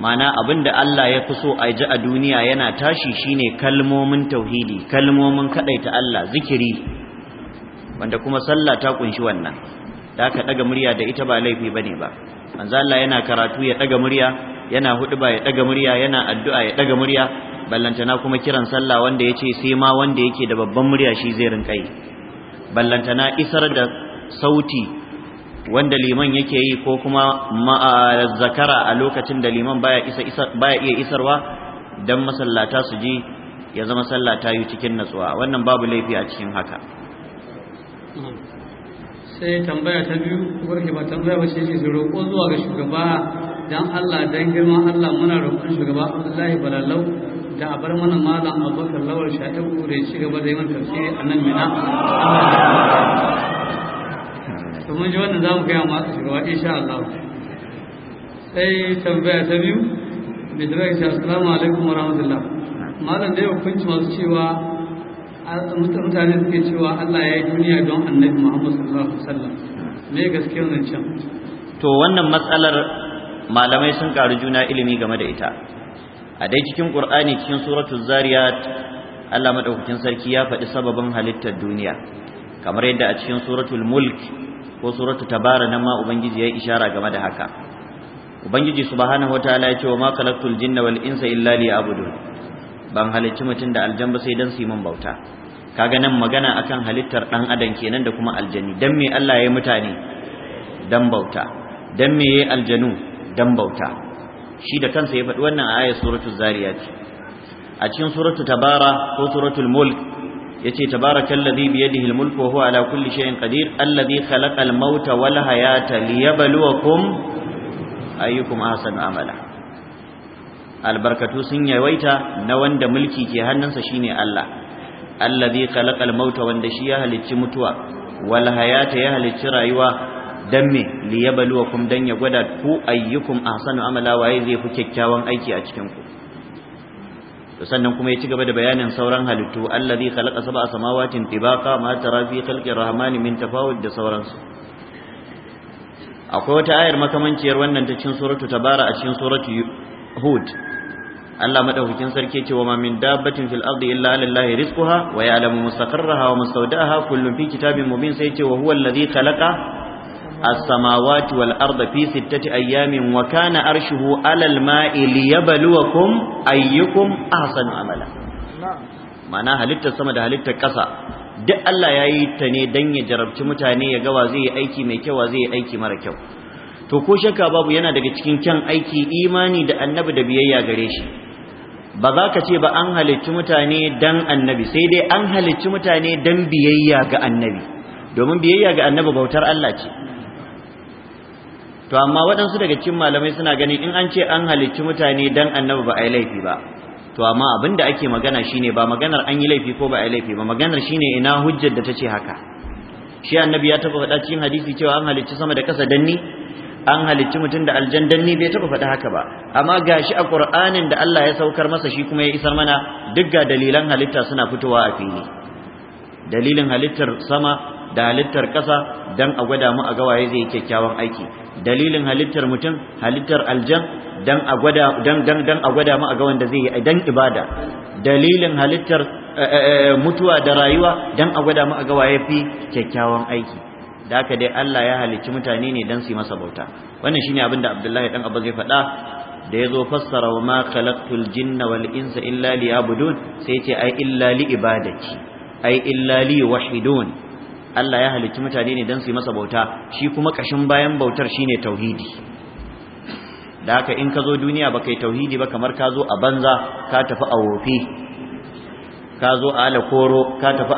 mana abin da Allah ya fi so a ji a duniya yana tashi shine kalmomin tauhidi kalmomin kaɗaita Allah zikiri wanda kuma sallah ta kunshi wannan da aka ɗaga murya da ita ba laifi bane ba manzo Allah yana karatu ya ɗaga murya yana huɗuba ya ɗaga murya yana addu'a ya ɗaga murya ballantana kuma kiran sallah wanda ya ce sai ma wanda yake da babban murya shi zai rinka yi ballantana isar da sauti wanda liman yake yi ko kuma zakara a lokacin da liman baya iya isarwa don masallata su ji ya zama sallah ta yi cikin natsuwa wannan babu laifi a cikin haka sai tambaya ta biyu warke ba tambaya ba ce ke su roƙo zuwa ga shugaba don Allah don girman Allah muna roƙon shugaba Abdullahi Balalau da bar mana malam abubakar lawal sha ta kure ci gaba da yawan tafsiri a nan mina to mun ji wannan za mu amma ma shugaba insha Allah sai tambaya ta biyu mai tambaya ce assalamu alaikum wa rahmatullah malam da yau kunci masu cewa mutane suke cewa Allah ya yi duniya don annabi Muhammad sallallahu alaihi wasallam me gaskiya wannan can to wannan matsalar malamai sun karu juna ilimi game da ita a dai cikin qur'ani cikin suratul zariyat Allah madaukakin sarki ya faɗi sababin halittar duniya kamar yadda a cikin suratul mulk ko suratul tabara nan ma ubangiji ya ishara game da haka ubangiji subhanahu wataala ya ce wa ma khalaqtul jinna wal insa illa abudu. ban halicci mutum da aljanna sai dan su yi min bauta kaga nan magana akan halittar dan adam kenan da kuma aljani dan me Allah ya yi mutane dan bauta dan me ya yi aljanu dan bauta shi da kansa ya faɗi wannan a ayat suratul zariyat a cikin suratul tabara ko suratul mulk yace tabarakal ladhi bi yadihi al-mulku wa huwa ala kulli shay'in qadir alladhi khalaqa al-mauta wal hayata liyabluwakum ayyukum ahsanu amala albarkatu sun yawaita na wanda mulki ke hannunsa shine Allah alladhi khalaqa al-mauta wanda shi ya halicci mutuwa wal hayata ya halicci rayuwa dan me liyabluwakum dan ya gwada ku ayyukum ahsanu amala waye zai fi kyakkyawan aiki a cikin ku to sannan kuma ya ci gaba da bayanin sauran halittu allazi khalaqa sab'a samawatin tibaqa ma tara fi khalqi rahmani min tafawud da sauransu akwai wata ayar makamanciyar wannan ta cikin suratu tabara a cikin suratu hud Allah madaukakin sarki ce wa ma min dabbatin fil ardi illa lillahi rizquha wa ya'lamu mustaqarraha wa mustawda'aha kullun fi kitabin mubin sai ce wa huwa allazi khalaqa السماوات والأرض في ستة أيام وكان ayyamin على الماء ليبلوكم أيكم أحسن عملا ayyukum هل amala ma'ana halittar sama da halittar ƙasa duk Allah ya yi ta ne dan ya jarabci mutane ya ga wa zai yi aiki mai kyau wa zai yi aiki mara kyau to ko shakka babu yana daga cikin kyan aiki imani da annabi da biyayya gare shi ba za ka ce ba an halicci mutane dan annabi sai dai an halicci mutane dan biyayya ga annabi domin biyayya ga annabi bautar Allah ce to amma waɗansu daga cikin malamai suna gani in an ce an halicci mutane dan annabi ba a yi laifi ba to amma abin da ake magana shine ba maganar an yi laifi ko ba a yi laifi ba maganar shine ina hujjar da ta ce haka shi annabi ya taɓa faɗa cikin hadisi cewa an halicci sama da ƙasa danni an halicci mutum da aljan danni bai taɓa faɗa haka ba amma gashi a ƙur'anin da Allah ya saukar masa shi kuma ya isar mana duk ga dalilan halitta suna fitowa a fili dalilin halittar sama da halittar ƙasa dan a gwada mu a gawaye zai yi kyakkyawan aiki dalilin halittar mutum halittar aljan dan a gwada dan dan dan a gwada mu a ga wanda zai yi dan ibada dalilin halittar eh, eh, eh, mutuwa da rayuwa dan a gwada mu a gawaye fi kyakkyawan aiki da haka dai Allah ya halicci mutane ne dan su yi masa bauta wannan shine abin da Abdullahi dan Abba zai faɗa da ya zo fassara wa ma khalaqtul jinna wal insa illa liyabudun sai ce ai illa li ibadati ai illa li wahidun Allah ya halitti mutane ne don su yi masa bauta shi kuma kashin bayan bautar shine tauhidi da haka in ka zo duniya ba yi tauhidi ba kamar ka zo a banza ka tafi a wofi ka zo a ala ka tafi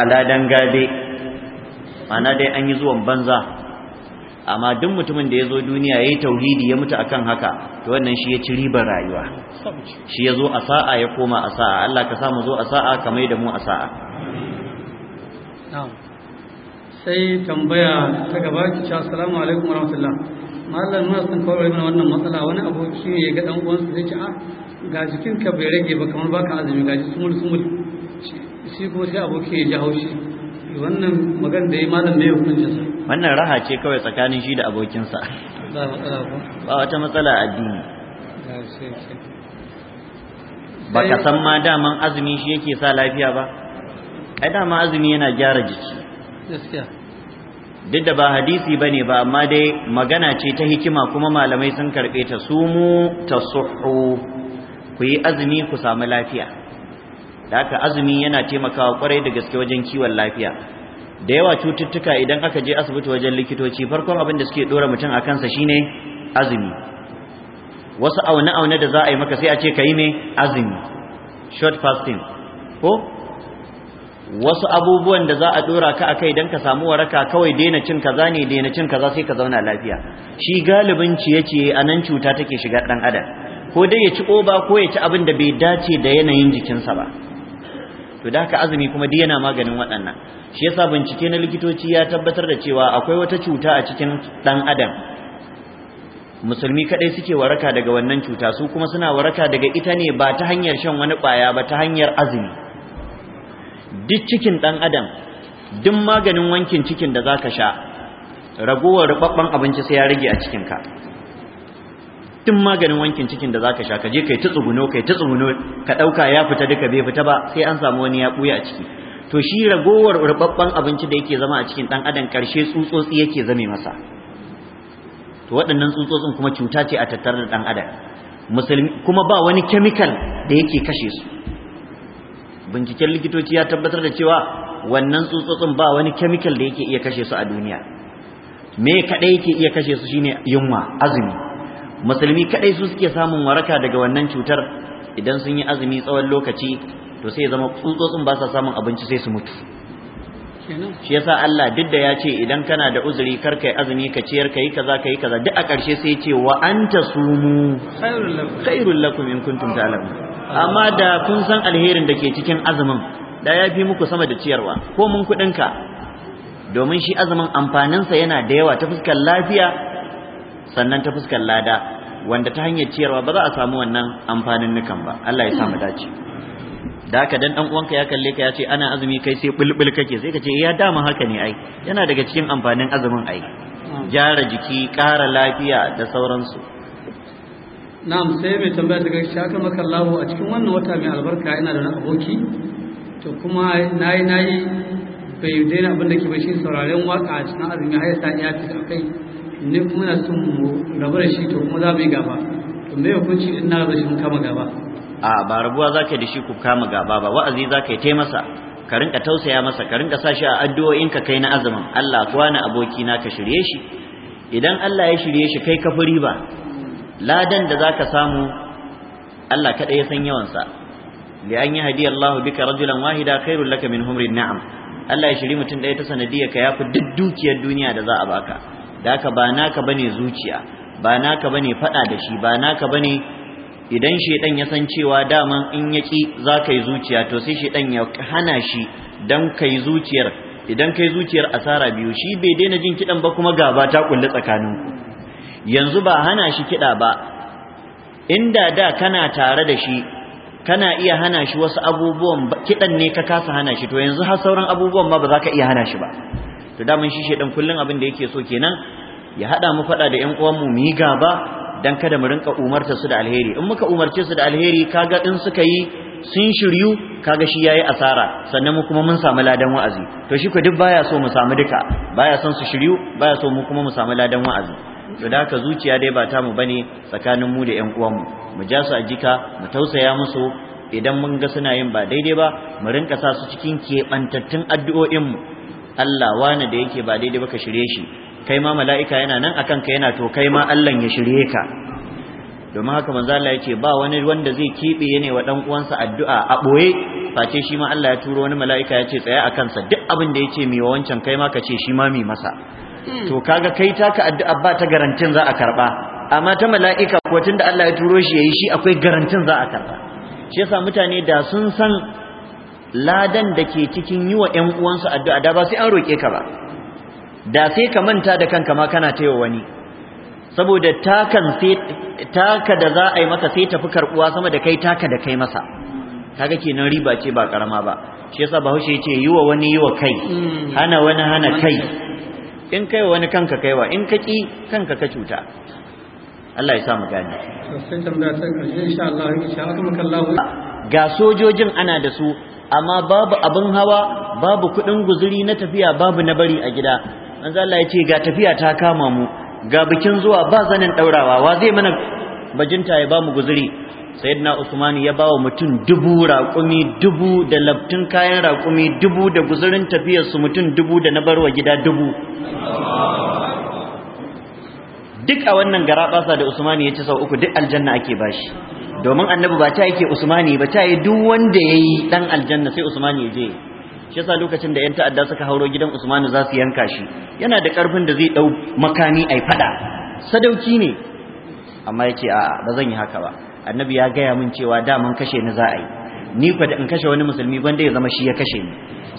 a ladan gabe mana dai an yi zuwan banza amma duk mutumin da ya zo duniya ya yi tauhidi ya mutu akan haka to wannan shi ya ci ribar rayuwa shi ya zo a sa'a ya koma a sa'a Allah ka samu zo a sa'a ka da mu a sa'a sai tambaya ta gaba ki cewa assalamu alaikum warahmatullah mallan muna sun kawai mana wannan matsala wani aboki ne ga dan uwansa sai ce a ah, ga jikin ka bai rage ba kamar baka azumi ga sumul sumul shi ko sai aboki ya ji haushi wannan magan da ya mallan mai hukunci sa wannan raha ce kawai tsakanin shi da abokinsa ba wata matsala addini ba ka san ma daman azumi shi yake sa lafiya ba ai dama azumi yana gyara jiki gaskiya duk da ba hadisi bane ba amma dai magana ce ta hikima kuma malamai sun karbe ta su tasuhu ku yi azumi ku samu lafiya da haka azumi yana taimakawa kwarai da gaske wajen kiwon lafiya da yawa cututtuka idan aka je asibiti wajen likitoci farkon abin da suke dora mutum a kansa shine azumi wasu aune-aune da za a yi maka sai a ce ka yi ne azumi short fasting ko wasu abubuwan da za a dora ka akai dan ka samu waraka kawai daina cin kaza ne daina cin kaza sai ka zauna lafiya shi galibin ciye-ciye a nan cuta take shiga dan adam ko dai ya ci oba ko ya ci abin da bai dace da yanayin jikinsa ba to da haka azumi kuma duk yana maganin waɗannan shi yasa bincike na likitoci ya tabbatar da cewa akwai wata cuta a cikin ɗan adam musulmi kadai suke waraka daga wannan cuta su kuma suna waraka daga ita ne ba ta hanyar shan wani ƙwaya ba ta hanyar azumi duk cikin ɗan adam duk maganin wankin cikin da zaka sha ragowar rubabban abinci sai ya rage a cikin ka duk maganin wankin cikin da zaka sha ka je kai ta tsuguno kai ta tsuguno ka dauka ya fita duka bai fita ba sai an samu wani ya buya a ciki to shi ragowar rubabban abinci da yake zama a cikin dan adam karshe tsutsotsi yake zame masa to waɗannan tsutsotsin kuma cuta ce a tattare da dan adam musulmi kuma ba wani chemical da yake kashe su binciken likitoci ya tabbatar da cewa wannan tsutsotsin ba wani chemical da yake iya kashe su a duniya me kadai yake iya kashe su shine yunwa azumi musulmi kadai su suke samun waraka daga wannan cutar idan sun yi azumi tsawon lokaci to sai zama tsutsotsin ba sa samun abinci sai su mutu shi yasa Allah duk da ya ce idan kana da uzuri kar kai azumi ka ciyar kai kaza kai kaza duk a ƙarshe sai ya ce wa anta sumu khairul lakum in kuntum ta'lamun amma da kun san alherin da ke cikin azumin da ya fi muku sama da ciyarwa ko mun ka domin shi azumin amfaninsa yana da yawa ta fuskar lafiya sannan ta fuskar lada wanda ta hanyar ciyarwa ba za a samu wannan amfanin nukan ba Allah ya samu dace da haka dan dan uwanka ya kalle ka ya ce ana azumi kai sai bulbul kake sai ka ce eh, ya dama haka ne ai yana daga cikin amfanin azumin ai gyara jiki ƙara lafiya da sauransu na'am sai mai tambaya daga shaka maka Allah a cikin wannan wata mai albarka ina da aboki to kuma nayi nayi bai daina abin da ke bai shi sauraren waka a cikin azumi har yasa ya fi kai ne kuma na son mu rabu da shi to kuma za mu yi gaba to me kunci din na rabu shi mu kama gaba a ba rabuwa zaka da shi ku kama gaba ba wa'azi zaka yi masa, ka rinka tausaya masa ka rinka sa shi a addu'o'in ka kai na azumin Allah kuwa na aboki na ka shirye shi idan Allah ya shirye shi kai ka furi ba ladan da zaka samu Allah kaɗai ya san yawansa li an yi hadiya Allah bika rajulan wahida khairul laka min humrin na'am Allah ya shiri mutum ɗaya ta sanadiyar ka yafi duk dukiyar duniya da za a baka da haka ba naka bane zuciya ba naka bane faɗa da shi ba naka bane idan shedan ya san cewa daman in yaki za ka yi zuciya to sai shedan ya hana shi dan kai zuciyar idan kai zuciyar asara biyu shi bai daina jin kiɗan ba kuma gaba ta kulli tsakaninku yanzu ba hana shi kiɗa ba inda da kana tare da shi kana iya hana shi wasu abubuwan kiɗan ne ka kasa hana shi to yanzu har sauran abubuwan ma ba za ka iya hana shi ba to daman shi dan kullum abin da yake so kenan ya haɗa mu faɗa da yan uwan mu yi ba, dan kada mu rinka umarta su da alheri in muka umarce su da alheri kaga in suka yi sun shiryu kaga shi yayi asara sannan mu kuma mun samu ladan wa'azi to shi ko duk baya so mu samu duka baya son su shiryu baya so mu kuma mu samu ladan wa'azi to da haka zuciya dai ba ne bane tsakanin mu da ƴan uwanmu mu ja su a mu tausaya musu idan mun ga suna yin ba daidai ba mu rinka sa su cikin keɓantattun addu'o'inmu Allah wani da yake ba daidai ba ka shirye shi kai ma mala'ika yana nan akan ka yana to kai ma Allah ya shirye ka domin haka manzo Allah ya ba wani wanda zai kibe yana wa dan uwansa addu'a a boye face shi ma Allah ya turo wani mala'ika ya ce tsaya akan sa duk abin da yake mai wancan kai ma ka ce shi ma mai masa to kaga kai taka addu'a ba ta garantin za a karba amma ta mala'ika ko tunda Allah ya turo shi yayi shi akwai garantin za a karba shi yasa mutane da sun san ladan da ke cikin yiwa ƴan uwansu addu'a da ba sai an roke ka ba da sai ka manta da kanka ma kana taiwa wani saboda takan taka da za a yi maka sai tafi karbuwa sama da kai taka da kai masa kaga kenan riba ce ba karama ba shi yasa bahaushe yace yi wa wani yiwa kai mm. hana wani hana kai in kai wani kanka kaiwa in ka ki kanka ka cuta Allah ya sa mu gane ga sojojin ana da su amma babu abin hawa babu kudin guzuri na tafiya babu na bari a gida manzo Allah ya ce ga tafiya ta kama mu ga bikin zuwa ba zanin daurawa wa zai mana bajinta ya ba mu guzuri sayyidina usman ya ba wa mutum dubu raƙumi dubu da labtun kayan raƙumi dubu da guzurin tafiyar su mutum dubu da na barwa gida dubu duk a wannan garaɓasa da usmani ya ci sau uku duk aljanna ake bashi domin annabi ba ta yake usmani ba ta yi duk wanda yayi dan aljanna sai usmani ya je shi yasa lokacin da 'yan ta'adda suka hauro gidan usmani za su yanka shi yana da karfin da zai ɗau makami ai faɗa. sadauki ne amma yace a'a ba zan yi haka ba annabi ya gaya min cewa daman kashe ni za a yi ni kwa da in kashe wani musulmi gwanda ya zama shi ya kashe ni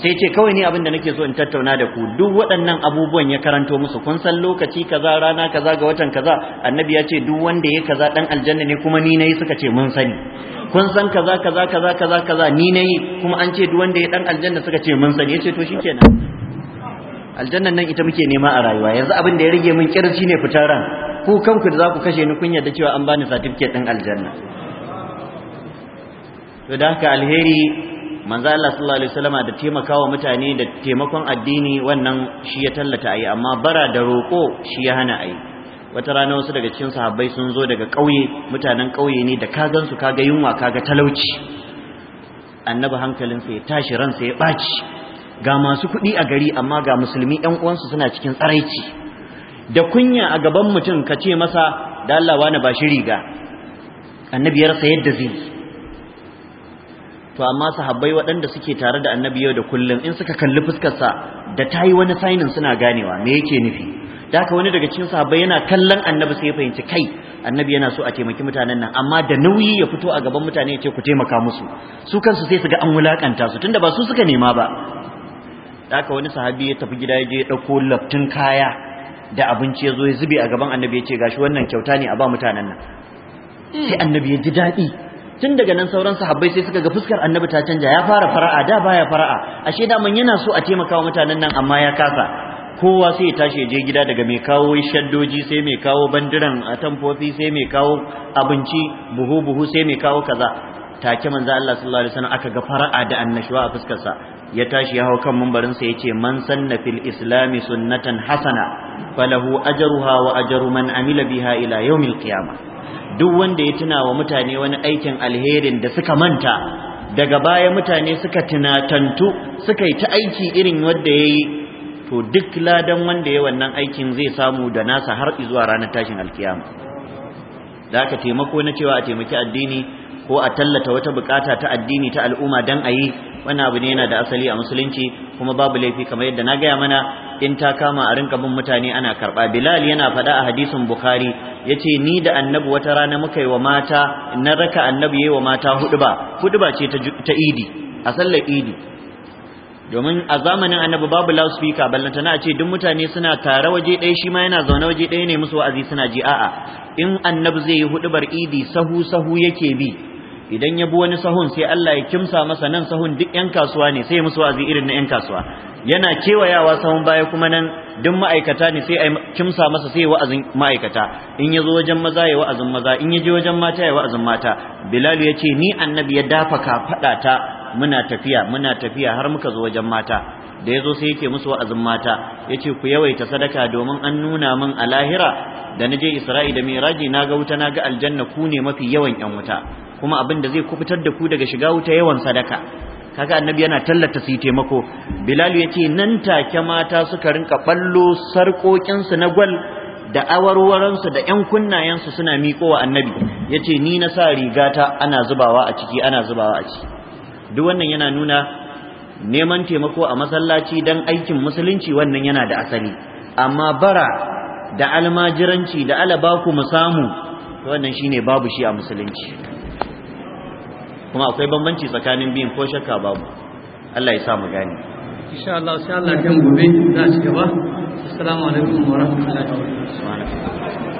sai ce kawai ni abin da nake so in tattauna da ku duk waɗannan abubuwan ya karanto musu kun san lokaci kaza rana kaza ga watan kaza annabi ya ce duk wanda ya kaza dan aljanna ne kuma ni nayi suka ce mun sani kun san kaza kaza kaza kaza kaza ni nayi kuma an ce duk wanda ya dan aljanna suka ce mun sani yace to shikenan aljannan nan ita muke nema a rayuwa yanzu abin da ya rage min kirci ne fitaran ran ku kanku da za ku kashe ni kun yarda cewa an bani certificate ɗin aljanna to da haka alheri manzo Allah sallallahu alaihi wasallama da taimakawa mutane da taimakon addini wannan shi ya tallata ayi amma bara da roko shi ya hana ayi wata rana wasu daga cikin sahabbai sun zo daga ƙauye mutanen ƙauye ne da ka gansu kaga yunwa kaga talauci annabi sa ya tashi ransa ya baci ga masu kuɗi a gari amma ga musulmi ƴan uwansu suna cikin tsaraici da kunya a gaban mutum ka ce masa da Allah wani ba shi riga annabi ya rasa yadda zai to amma sahabbai waɗanda suke tare da annabi yau da kullum in suka kalli fuskarsa da ta yi wani sainin suna ganewa me yake nufi da haka wani daga cikin sahabbai yana kallon annabi sai ya fahimci kai annabi yana so a taimaki mutanen nan amma da nauyi ya fito a gaban mutane ya ce ku taimaka musu su kansu sai su ga an wulakanta su tunda ba su suka nema ba da haka wani sahabi ya tafi gida ya je ya ɗauko laftin kaya da abinci ya zo ya zube a gaban annabi ya ce gashi wannan kyauta ne a ba mutanen nan sai annabi ya ji daɗi tun daga nan sauran sahabbai sai suka ga fuskar annabi ta canja ya fara fara'a da baya fara'a ashe daman yana so a taimaka wa mutanen nan amma ya kasa kowa sai ya tashi je gida daga mai kawo shaddoji sai mai kawo bandiran atamfofi sai mai kawo abinci buhu buhu sai mai kawo kaza take manzo Allah sallallahu alaihi wasallam aka ga fara'a da annashuwa a fuskar sa ya tashi ya hau kan mambarin sa yace man sanna fil islami sunnatan hasana falahu ajruha wa ajru man amila biha ila yawmil qiyamah duk wanda ya tuna wa mutane wani aikin alherin da suka manta daga baya mutane suka tunatantu suka yi ta aiki irin wanda yayi to duk ladan wanda ya wannan aikin zai samu da nasa har zuwa ranar tashin alkiyama da aka taimako na cewa a taimaki addini ko a tallata wata bukata ta addini ta al'umma dan a yi wannan abu ne yana da asali a musulunci kuma babu laifi kamar yadda na gaya mana in ta kama a rinka bin mutane ana karɓa bilal yana faɗa a hadisin bukhari ya ce ni da annabi wata rana muka yi wa mata na raka annabi ya yi wa mata hudu ba hudu ba ce ta idi a sallar idi domin a zamanin annabi babu loudspeaker ballanta na ce duk mutane suna tare waje ɗaya shi ma yana zaune waje ɗaya ne musu wa'azi suna ji a'a in annabi zai yi hudubar idi sahu sahu yake bi idan ya bi wani sahun sai Allah ya kimsa masa nan sahun duk yan kasuwa ne sai musu wa'azi irin na yan kasuwa yana kewayawa sahun baya kuma nan duk ma'aikata ne sai a kimsa masa sai wa'azin ma'aikata in ya zo wajen maza ya wa'azin maza in ya je wajen mata ya wa'azin mata bilal ya ce ni annabi ya dafa kafaɗa ta muna tafiya muna tafiya har muka zo wajen mata da yazo sai yake musu wa'azin mata yace ku yawaita sadaka domin an nuna min a lahira da naje Isra'i da Miraji ga wuta na ga aljanna ku ne mafi yawan yan wuta kuma abin da zai kubutar da ku daga shiga wuta yawan sadaka kaga annabi yana tallata su taimako Bilal yace nan take mata suka rinka ballo sarkokin na gwal da awarwaransu da ‘yan kunnayensu suna miƙo wa annabi ya ce ni na sa rigata ana zubawa a ciki ana zubawa a ciki duk wannan yana nuna neman taimako a masallaci dan aikin musulunci wannan yana da asali amma bara da almajiranci da ku mu samu wannan shine babu shi a musulunci kuma akwai bambanci tsakanin biyun ko shakka babu Allah ya sa mu gane insha Allah sai Allah ya gobe za ci gaba assalamu alaikum wa rahmatullahi wa barakatuh